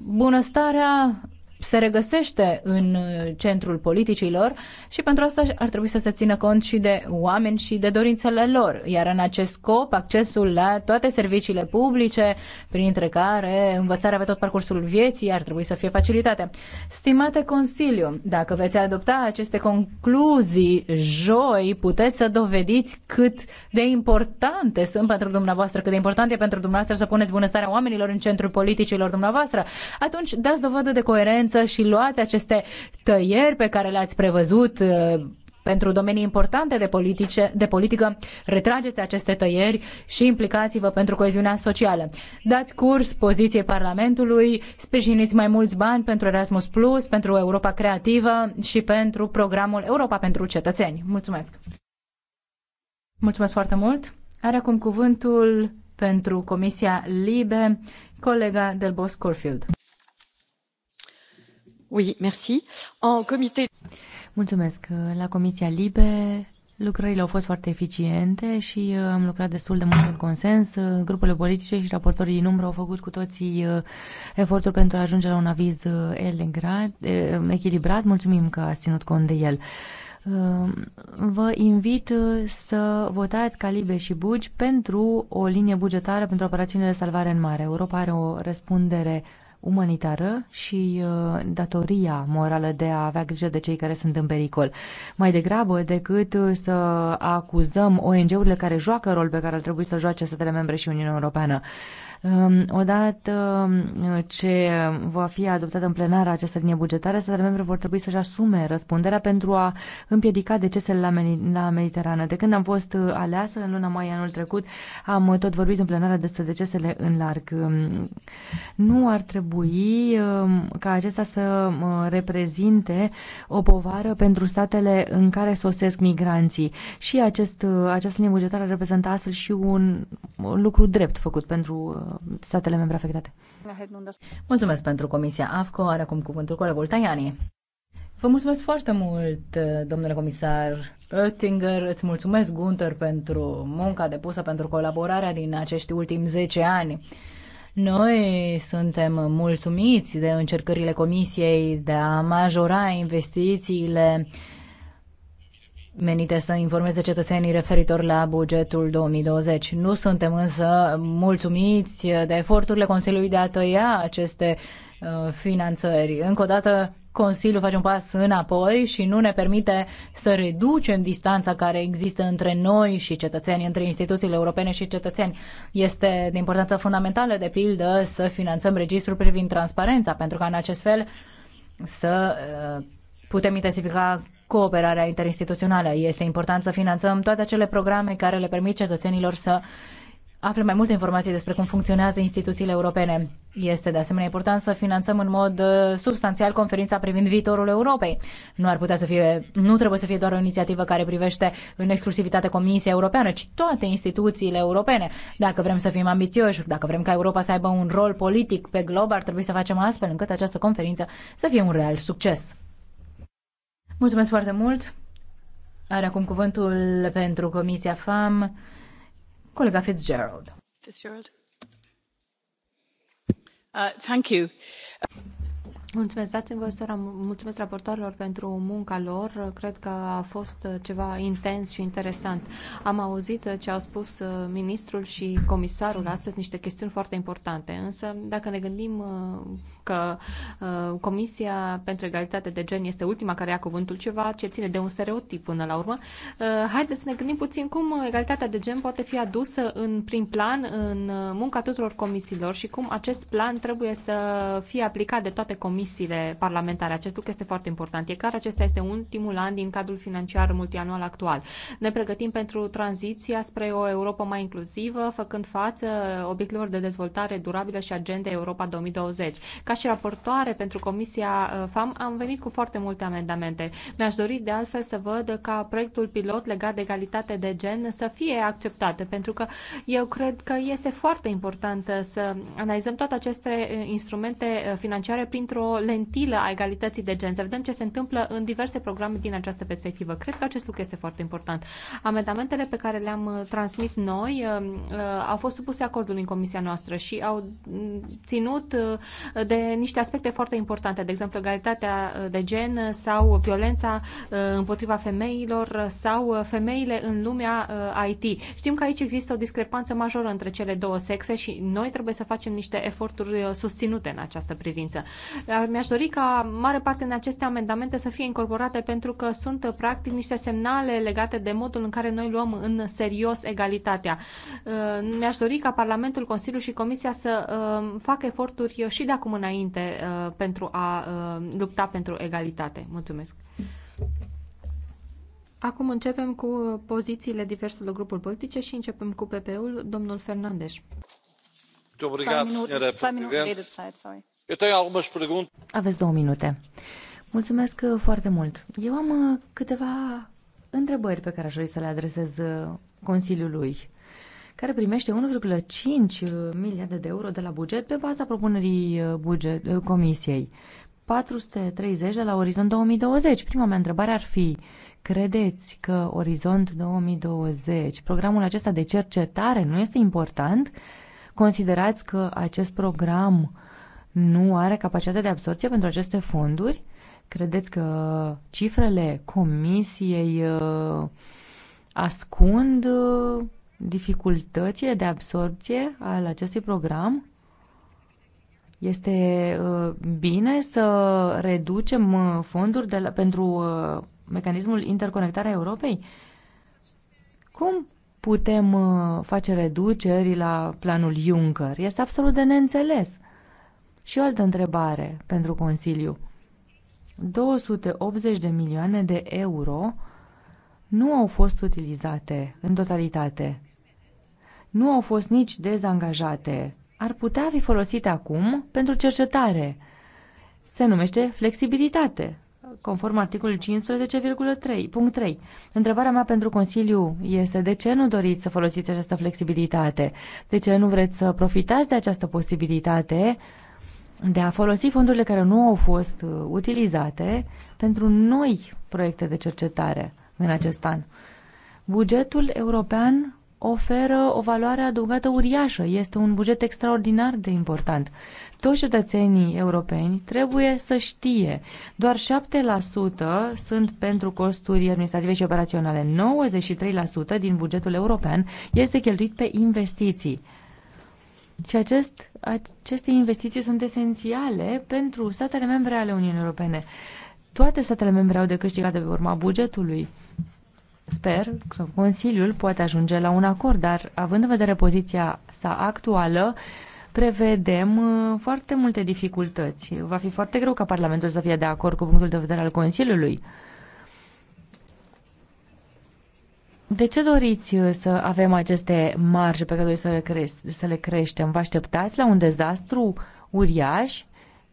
bunăstarea se regăsește în uh, centrul politicilor și pentru asta ar trebui să se țină cont și de oameni și de dorințele lor. Iar în acest scop, accesul la toate serviciile publice, printre care învățarea pe tot parcursul vieții, ar trebui să fie facilitate. Stimate Consiliu, dacă veți adopta aceste concluzii joi, puteți să dovediți cât de importante sunt pentru dumneavoastră, cât de important e pentru dumneavoastră să puneți bunăstarea oamenilor în centrul politicilor dumneavoastră. Atunci dați dovadă de coerență urgență și luați aceste tăieri pe care le-ați prevăzut uh, pentru domenii importante de, politice, de politică, retrageți aceste tăieri și implicați-vă pentru coeziunea socială. Dați curs poziției Parlamentului, sprijiniți mai mulți bani pentru Erasmus Plus, pentru Europa Creativă și pentru programul Europa pentru cetățeni. Mulțumesc! Mulțumesc foarte mult! Are acum cuvântul pentru Comisia Libe, colega Del Bosco Corfield. La Comisia Libe lucrările au fost foarte eficiente și uh, am lucrat destul de mult în consens. Uh, grupurile politice și raportorii din umbră au făcut cu toții uh, eforturi pentru a ajunge la un aviz echilibrat. Mulțumim că ați ținut cont de el. Vă invit să votați Calibe și Bugi pentru o linie bugetară pentru operațiunile de salvare în mare. Europa are o răspundere umanitară și uh, datoria morală de a avea grijă de cei care sunt în pericol. Mai degrabă decât uh, să acuzăm ONG-urile care joacă rol pe care ar trebui să joace statele membre și Uniunea Europeană. Ehm, odată ehm, ce va fi adoptată în plenară această linie bugetară, statele membre vor trebui să-și asume răspunderea pentru a împiedica decesele la, Mediterană. De când am fost eh, aleasă, în luna mai anul trecut, am eh, tot vorbit în plenară despre decesele în larg. Ehm, nu ar trebui ca acesta să reprezinte o povară pentru statele în care sosesc migranții. Și acest, eh, această linie bugetară reprezintă astfel și un, lucru drept făcut pentru uh, statele membre afectate. Mulțumesc pentru Comisia AFCO. Are acum cuvântul colegul Tajani. Vă mulțumesc foarte mult, uh, domnule comisar Oettinger. Îți mulțumesc, Gunther, pentru munca depusă, pentru colaborarea din acești ultimi 10 ani. Noi suntem mulțumiți de încercările Comisiei de a majora investițiile menite să informeze cetățenii referitor la bugetul 2020. Nu suntem însă mulțumiți de eforturile Consiliului de a tăia aceste uh, finanțări. Încă o dată, Consiliul face un pas înapoi și nu ne permite să reducem distanța care există între noi și cetățeni, între instituțiile europene și cetățeni. Este de importanță fundamentală, de pildă, să finanțăm registrul privind transparența, pentru că în acest fel să uh, putem intensifica cooperarea interinstituțională. Este important să finanțăm toate acele programe care le permit cetățenilor să afle mai multe informații despre cum funcționează instituțiile europene. Este de asemenea important să finanțăm în mod uh, substanțial conferința privind viitorul Europei. Nu ar putea să fie, nu trebuie să fie doar o inițiativă care privește în exclusivitate Comisia Europeană, ci toate instituțiile europene. Dacă vrem să fim ambițioși, dacă vrem ca Europa să aibă un rol politic pe glob, ar trebui să facem astfel încât această conferință să fie un real succes. Mulțumesc foarte mult. Are acum cuvântul pentru Comisia FAM, colega Fitzgerald. Fitzgerald. Uh, thank you. Mulțumesc, dați vă voie să mulțumesc raportorilor pentru munca lor. Cred că a fost ceva intens și interesant. Am auzit ce au spus uh, ministrul și comisarul astăzi, niște chestiuni foarte importante. Însă, dacă ne gândim uh, că uh, Comisia pentru Egalitate de Gen este ultima care ia cuvântul ceva ce ține de un stereotip până la urmă, haideți să ne gândim puțin cum egalitatea de gen poate fi adusă în prim plan în munca tuturor comisiilor și cum acest plan trebuie să fie aplicat de toate comisiile comisiile parlamentare. Acest lucru este foarte important. E clar, acesta este ultimul an din cadrul financiar multianual actual. Ne pregătim pentru tranziția spre o Europa mai inclusivă, făcând față obiectivelor de dezvoltare durabilă și agenda Europa 2020. Ca și raportoare pentru Comisia uh, FAM, am venit cu foarte multe amendamente. Mi-aș dori de altfel să văd ca proiectul pilot legat de egalitate de gen să fie acceptat, pentru că eu cred că este foarte important să analizăm toate aceste uh, instrumente uh, financiare printr-o lentilă a egalității de gen, să vedem ce se întâmplă în diverse programe din această perspectivă. Cred că acest lucru este foarte important. Amendamentele pe care le-am uh, transmis noi uh, uh, au fost supuse acordului în comisia noastră și au mm, ținut de niște aspecte foarte importante, de exemplu egalitatea de gen sau violența împotriva femeilor sau femeile în lumea IT. Știm că aici există o discrepanță majoră între cele două sexe și noi trebuie să facem niște eforturi susținute în această privință mi-aș dori ca mare parte din aceste amendamente să fie incorporate pentru că sunt practic niște semnale legate de modul în care noi luăm în serios egalitatea. Uh, mi-aș dori ca Parlamentul, Consiliul și Comisia să uh, facă eforturi și de acum înainte uh, pentru a lupta pentru egalitate. Mulțumesc! Acum începem cu pozițiile diverselor grupuri politice și începem cu PP-ul, domnul Fernandes. Presidente. Aveți două minute. Mulțumesc uh, foarte mult. Eu am uh, câteva întrebări pe care aș să le adresez uh, Consiliului care primește 1,5 miliarde de euro de la buget pe baza propunerii buget, Comisiei. 430 de la Orizont 2020. Prima mea întrebare ar fi, credeți că Orizont 2020, programul acesta de cercetare, nu este important? Considerați că acest program nu are capacitatea de absorție pentru aceste fonduri? Credeți că cifrele comisiei uh, ascund uh, dificultățile de absorție al acestui program? Este uh, bine să reducem fonduri de la, pentru mecanismul interconectarea Europei? Cum putem face reduceri la planul Juncker? Este absolut de neînțeles. Și o altă întrebare pentru Consiliu. 280 de milioane de euro nu au fost utilizate în totalitate. Nu au fost nici dezangajate. Ar putea fi folosite acum pentru cercetare. Se numește flexibilitate, conform articolul 15,3.3. Întrebarea mea pentru Consiliu este de ce nu doriți să folosiți această flexibilitate? De ce nu vreți să profitați de această posibilitate de a folosi fondurile care nu au fost uh, utilizate pentru noi proiecte de cercetare în acest an. Bugetul european oferă o valoare adăugată uriașă. Este un buget extraordinar de important. Toți cetățenii europeni trebuie să știe. Doar 7% sunt pentru costuri administrative și operaționale. 93% din bugetul european este cheltuit pe investiții. Și acest, aceste investiții sunt esențiale pentru statele membre ale Uniunii Europene. Toate statele membre au de câștigat de pe urma bugetului. Sper că Consiliul poate ajunge la un acord, dar având în vedere poziția sa actuală, prevedem uh, foarte multe dificultăți. Va fi foarte greu ca Parlamentul să fie de acord cu punctul de vedere al Consiliului. De ce doriți uh, să avem aceste marje pe care doriți să le, cre- să le creștem? Vă așteptați la un dezastru uriaș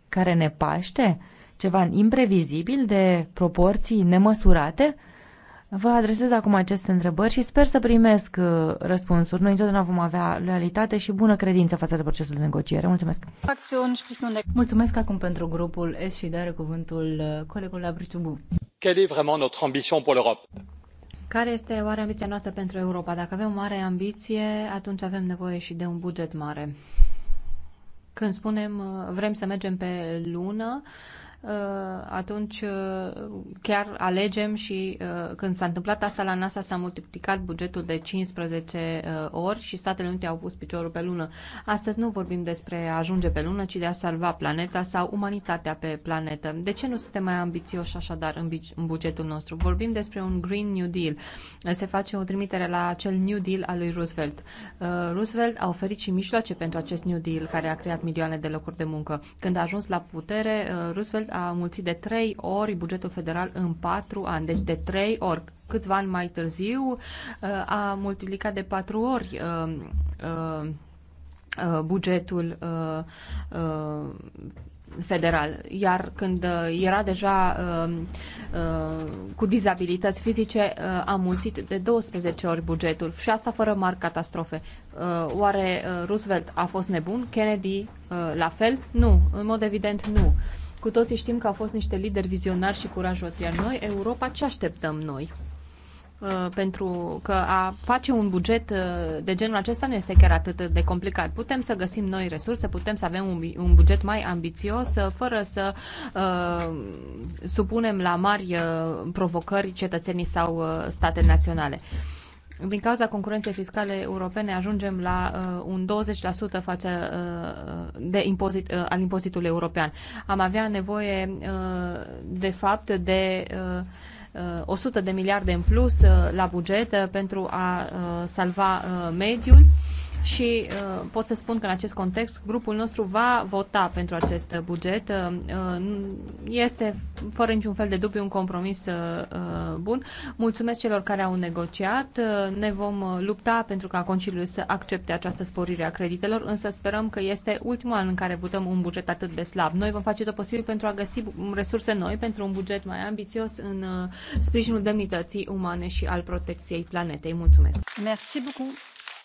care ne paște? Ceva imprevizibil de proporții nemăsurate? Vă adresez acum aceste întrebări și sper să primesc uh, răspunsuri. Noi întotdeauna vom avea loialitate și bună credință față de procesul de negociere. Mulțumesc! Mulțumesc acum pentru grupul S și dare cuvântul uh, colegul Abritubu. Quelle est vraiment notre ambition pour l'Europe? Care este oare ambiția noastră pentru Europa? Dacă avem o mare ambiție, atunci avem nevoie și de un buget mare. Când spunem vrem să mergem pe lună, Uh, atunci uh, chiar alegem și uh, când s-a întâmplat asta la NASA s-a multiplicat bugetul de 15 ori și Statele Unite au pus piciorul pe lună. Astăzi nu vorbim despre a ajunge pe lună, ci de a salva planeta sau umanitatea pe planetă. De ce nu suntem mai ambițioși așadar în bugetul nostru? Vorbim despre un Green New Deal. Se face o trimitere la acel New Deal al lui Roosevelt. Roosevelt a oferit și mijloace pentru acest New Deal care a creat milioane de locuri de muncă. Când a ajuns la putere, Roosevelt a mulțit de trei ori bugetul federal în patru ani, deci de trei ori câțiva ani mai târziu uh, a multiplicat de patru ori uh, uh, bugetul federal. Iar când era deja cu dizabilități fizice, a mulțit de 12 ori bugetul și asta fără mari catastrofe. oare Roosevelt a fost nebun? Kennedy la fel? Nu, în mod evident nu. Cu toții știm că au fost niște lideri vizionari și curajoți, iar noi, Europa, ce așteptăm noi? Uh, pentru că a face un buget uh, de genul acesta nu este chiar atât de complicat. Putem să găsim noi resurse, putem să avem un, un buget mai ambițios, uh, fără să uh, supunem la mari provocări cetățenii sau state naționale. Uh, din cauza concurenței fiscale europene ajungem la uh, un 20% față uh, de impozit, uh, al impozitului european. Am avea nevoie uh, de fapt de uh, 100 uh, de miliarde în plus uh, la buget uh, pentru a uh, salva uh, mediul și uh, pot să spun că în acest context grupul nostru va vota pentru acest buget. Uh, uh este fără niciun fel de dubiu un compromis uh, uh, bun. Mulțumesc celor care au negociat. Uh, ne vom uh, lupta pentru ca consiliul să accepte această sporire a creditelor, însă sperăm că este ultimul an în care votăm un buget atât de slab. Noi vom face tot posibil pentru a găsi resurse noi pentru un buget mai ambițios în uh, sprijinul demnității umane și al protecției planetei. Mulțumesc! Merci beaucoup.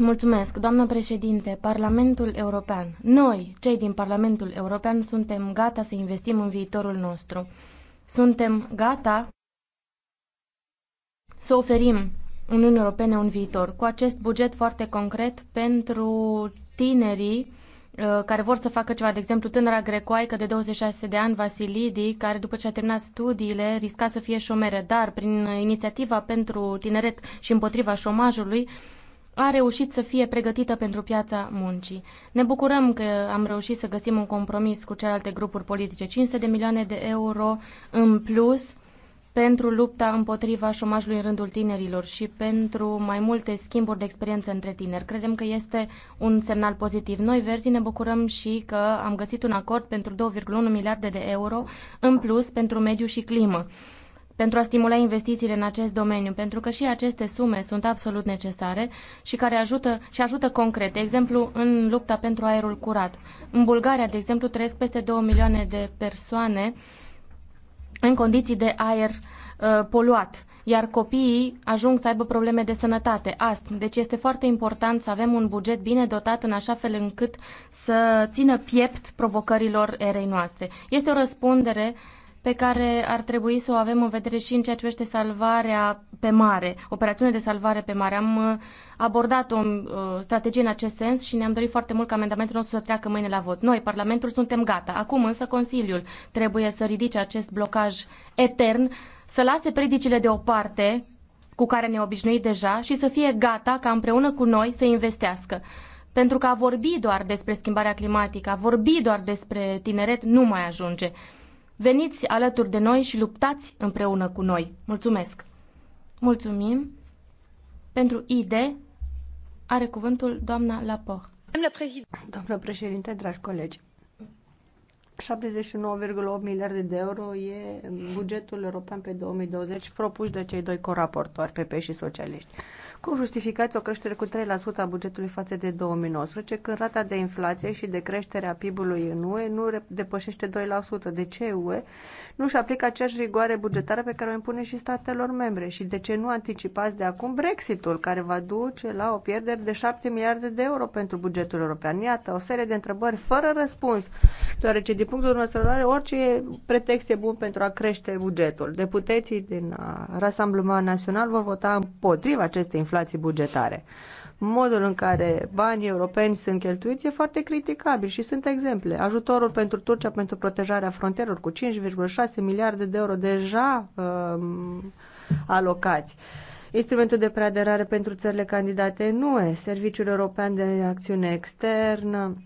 Mulțumesc, doamnă președinte. Parlamentul European. Noi, cei din Parlamentul European, suntem gata să investim în viitorul nostru. Suntem gata să oferim Uniunii Europene un viitor cu acest buget foarte concret pentru tinerii uh, care vor să facă ceva. De exemplu, tânăra grecoaică de 26 de ani, Vasilidi, care după ce a terminat studiile risca să fie șomeră, dar prin inițiativa pentru tineret și împotriva șomajului, a reușit să fie pregătită pentru piața muncii. Ne bucurăm că am reușit să găsim un compromis cu celelalte grupuri politice. 500 de milioane de euro în plus pentru lupta împotriva șomajului în rândul tinerilor și pentru mai multe schimburi de experiență între tineri. Credem că este un semnal pozitiv. Noi, Verzi, ne bucurăm și că am găsit un acord pentru 2,1 miliarde de euro în plus pentru mediu și climă pentru a stimula investițiile în acest domeniu, pentru că și aceste sume sunt absolut necesare și care ajută și ajută concret, de exemplu, în lupta pentru aerul curat. În Bulgaria, de exemplu, trăiesc peste 2 milioane de persoane în condiții de aer uh, poluat iar copiii ajung să aibă probleme de sănătate, astm. Deci este foarte important să avem un buget bine dotat în așa fel încât să țină piept provocărilor erei noastre. Este o răspundere uh, pe care ar trebui să o avem în vedere și în ceea ce privește salvarea pe mare, operațiune de salvare pe mare. Am uh, abordat o uh, strategie în acest sens și ne-am dorit foarte mult ca amendamentul nostru să treacă mâine la vot. Noi, Parlamentul, suntem gata. Acum însă Consiliul trebuie să ridice acest blocaj etern, să lase predicile deoparte cu care ne obișnuit deja și să fie gata ca împreună cu noi să investească. Pentru că a vorbi doar despre schimbarea climatică, a vorbi doar despre tineret, nu mai ajunge. Veniți alături de noi și luptați împreună cu noi. Mulțumesc! Mulțumim! Pentru ID are cuvântul doamna Lapor. Doamna președinte, dragi colegi, 79,8 miliarde de euro e bugetul european pe 2020 propus de cei doi coraportori, PP și socialiști. Cum justificați o creștere cu 3% a bugetului față de 2019, când rata de inflație și de creștere a PIB-ului în UE nu depășește 2%? De ce UE nu și aplică aceeași rigoare bugetară pe care o impune și statelor membre? Și de ce nu anticipați de acum Brexitul, care va duce la o pierdere de 7 miliarde de euro pentru bugetul european? Iată, o serie de întrebări fără răspuns, deoarece din punctul nostru de vedere, orice pretext e bun pentru a crește bugetul. Deputeții din uh, Rassemblement Național vor vota împotriva acestei inflații bugetare. Modul în care banii europeni sunt cheltuiți e foarte criticabil și sunt exemple. Ajutorul pentru Turcia pentru protejarea frontierelor cu 5,6 miliarde de euro deja um, alocați. Instrumentul de preaderare pentru țările candidate nu e Serviciul European de Acțiune Externă,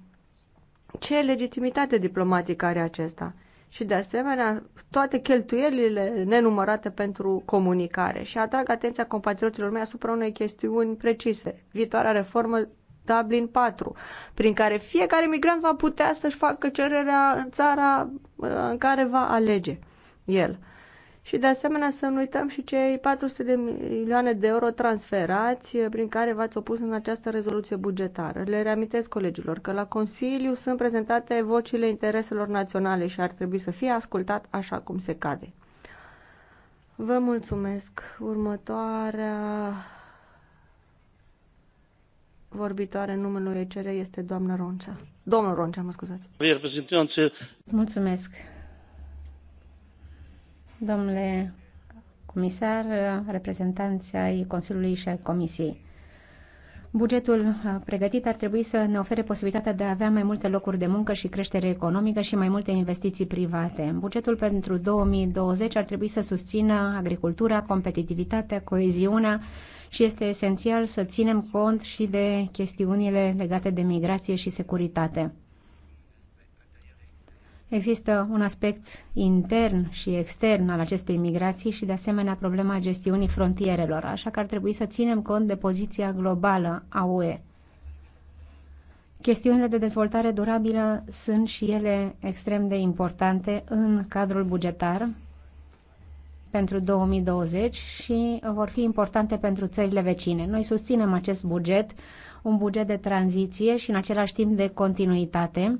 ce legitimitate diplomatică are acesta? Și de asemenea, toate cheltuielile nenumărate pentru comunicare. Și atrag atenția compatrioților mei asupra unei chestiuni precise. Viitoarea reformă Dublin 4, prin care fiecare migrant va putea să-și facă cererea în țara uh, în care va alege el. Și de asemenea să nu uităm și cei 400 de milioane de euro transferați prin care v-ați opus în această rezoluție bugetară. Le reamintesc colegilor că la Consiliu sunt prezentate vocile intereselor naționale și ar trebui să fie ascultat așa cum se cade. Vă mulțumesc. Următoarea vorbitoare în numele ECR este doamna Roncea. Domnul Roncea, mă scuzați. Mulțumesc domnule comisar, reprezentanți ai Consiliului și ai Comisiei. Bugetul uh, pregătit ar trebui să ne ofere posibilitatea de a avea mai multe locuri de muncă și creștere economică și mai multe investiții private. Bugetul pentru 2020 ar trebui să susțină agricultura, competitivitatea, coeziunea și este esențial să ținem cont și de chestiunile legate de migrație și securitate. Există un aspect intern și extern al acestei migrații și, de asemenea, problema gestiunii frontierelor, așa că ar trebui să ținem cont de poziția globală a UE. Chestiunile de dezvoltare durabilă sunt și ele extrem de importante în cadrul bugetar pentru 2020 și vor fi importante pentru țările vecine. Noi susținem acest buget, un buget de tranziție și în același timp de continuitate,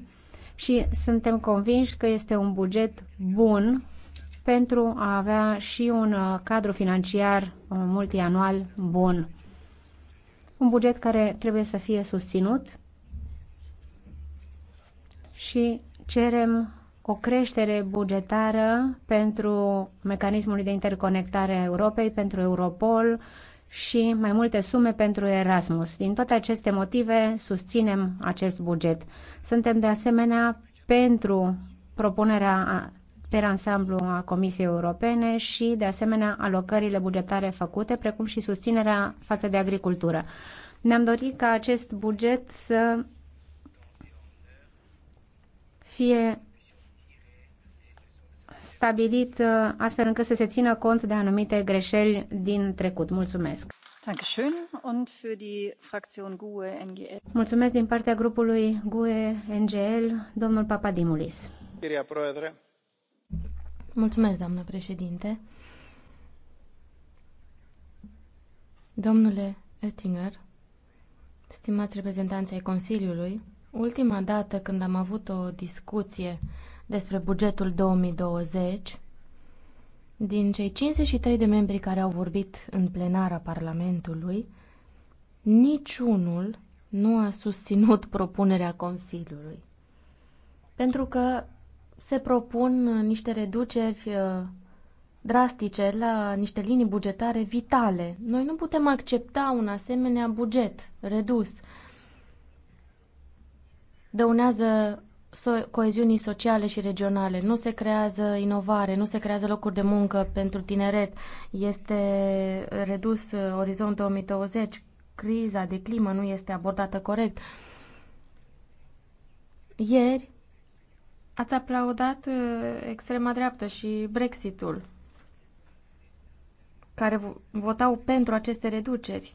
și suntem convinși că este un buget bun pentru a avea și un uh, cadru financiar uh, multianual bun. Un buget care trebuie să fie susținut și cerem o creștere bugetară pentru mecanismul de interconectare a Europei, pentru Europol, și mai multe sume pentru Erasmus. Din toate aceste motive susținem acest buget. Suntem de asemenea pentru propunerea per ansamblu a Comisiei Europene și, de asemenea, alocările bugetare făcute, precum și susținerea față de agricultură. Ne-am dorit ca acest buget să fie stabilit uh, astfel încât să se țină cont de anumite greșeli din trecut. Mulțumesc! Mulțumesc din partea grupului GUE NGL, domnul Papadimulis. Mulțumesc, doamnă președinte. Domnule Oettinger, stimați reprezentanți ai Consiliului, ultima dată când am avut o discuție despre bugetul 2020, din cei 53 de membri care au vorbit în plenara Parlamentului, niciunul nu a susținut propunerea Consiliului. Pentru că se propun niște reduceri uh, drastice la niște linii bugetare vitale. Noi nu putem accepta un asemenea buget redus. Dăunează coeziunii sociale și regionale. Nu se creează inovare, nu se creează locuri de muncă pentru tineret. Este redus uh, orizont 2020. Criza de climă nu este abordată corect. Ieri ați aplaudat uh, extrema dreaptă și Brexitul, care votau pentru aceste reduceri.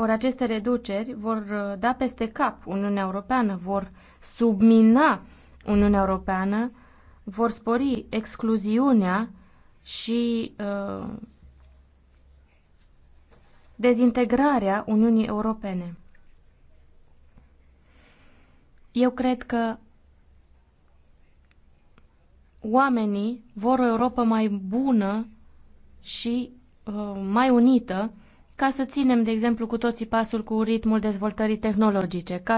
Ori aceste reduceri vor uh, da peste cap Uniunea Europeană, vor submina Uniunea Europeană, vor spori excluziunea și uh, dezintegrarea Uniunii Europene. Eu cred că oamenii vor o Europa mai bună și uh, mai unită ca să ținem, de exemplu, cu toții pasul cu ritmul dezvoltării tehnologice, ca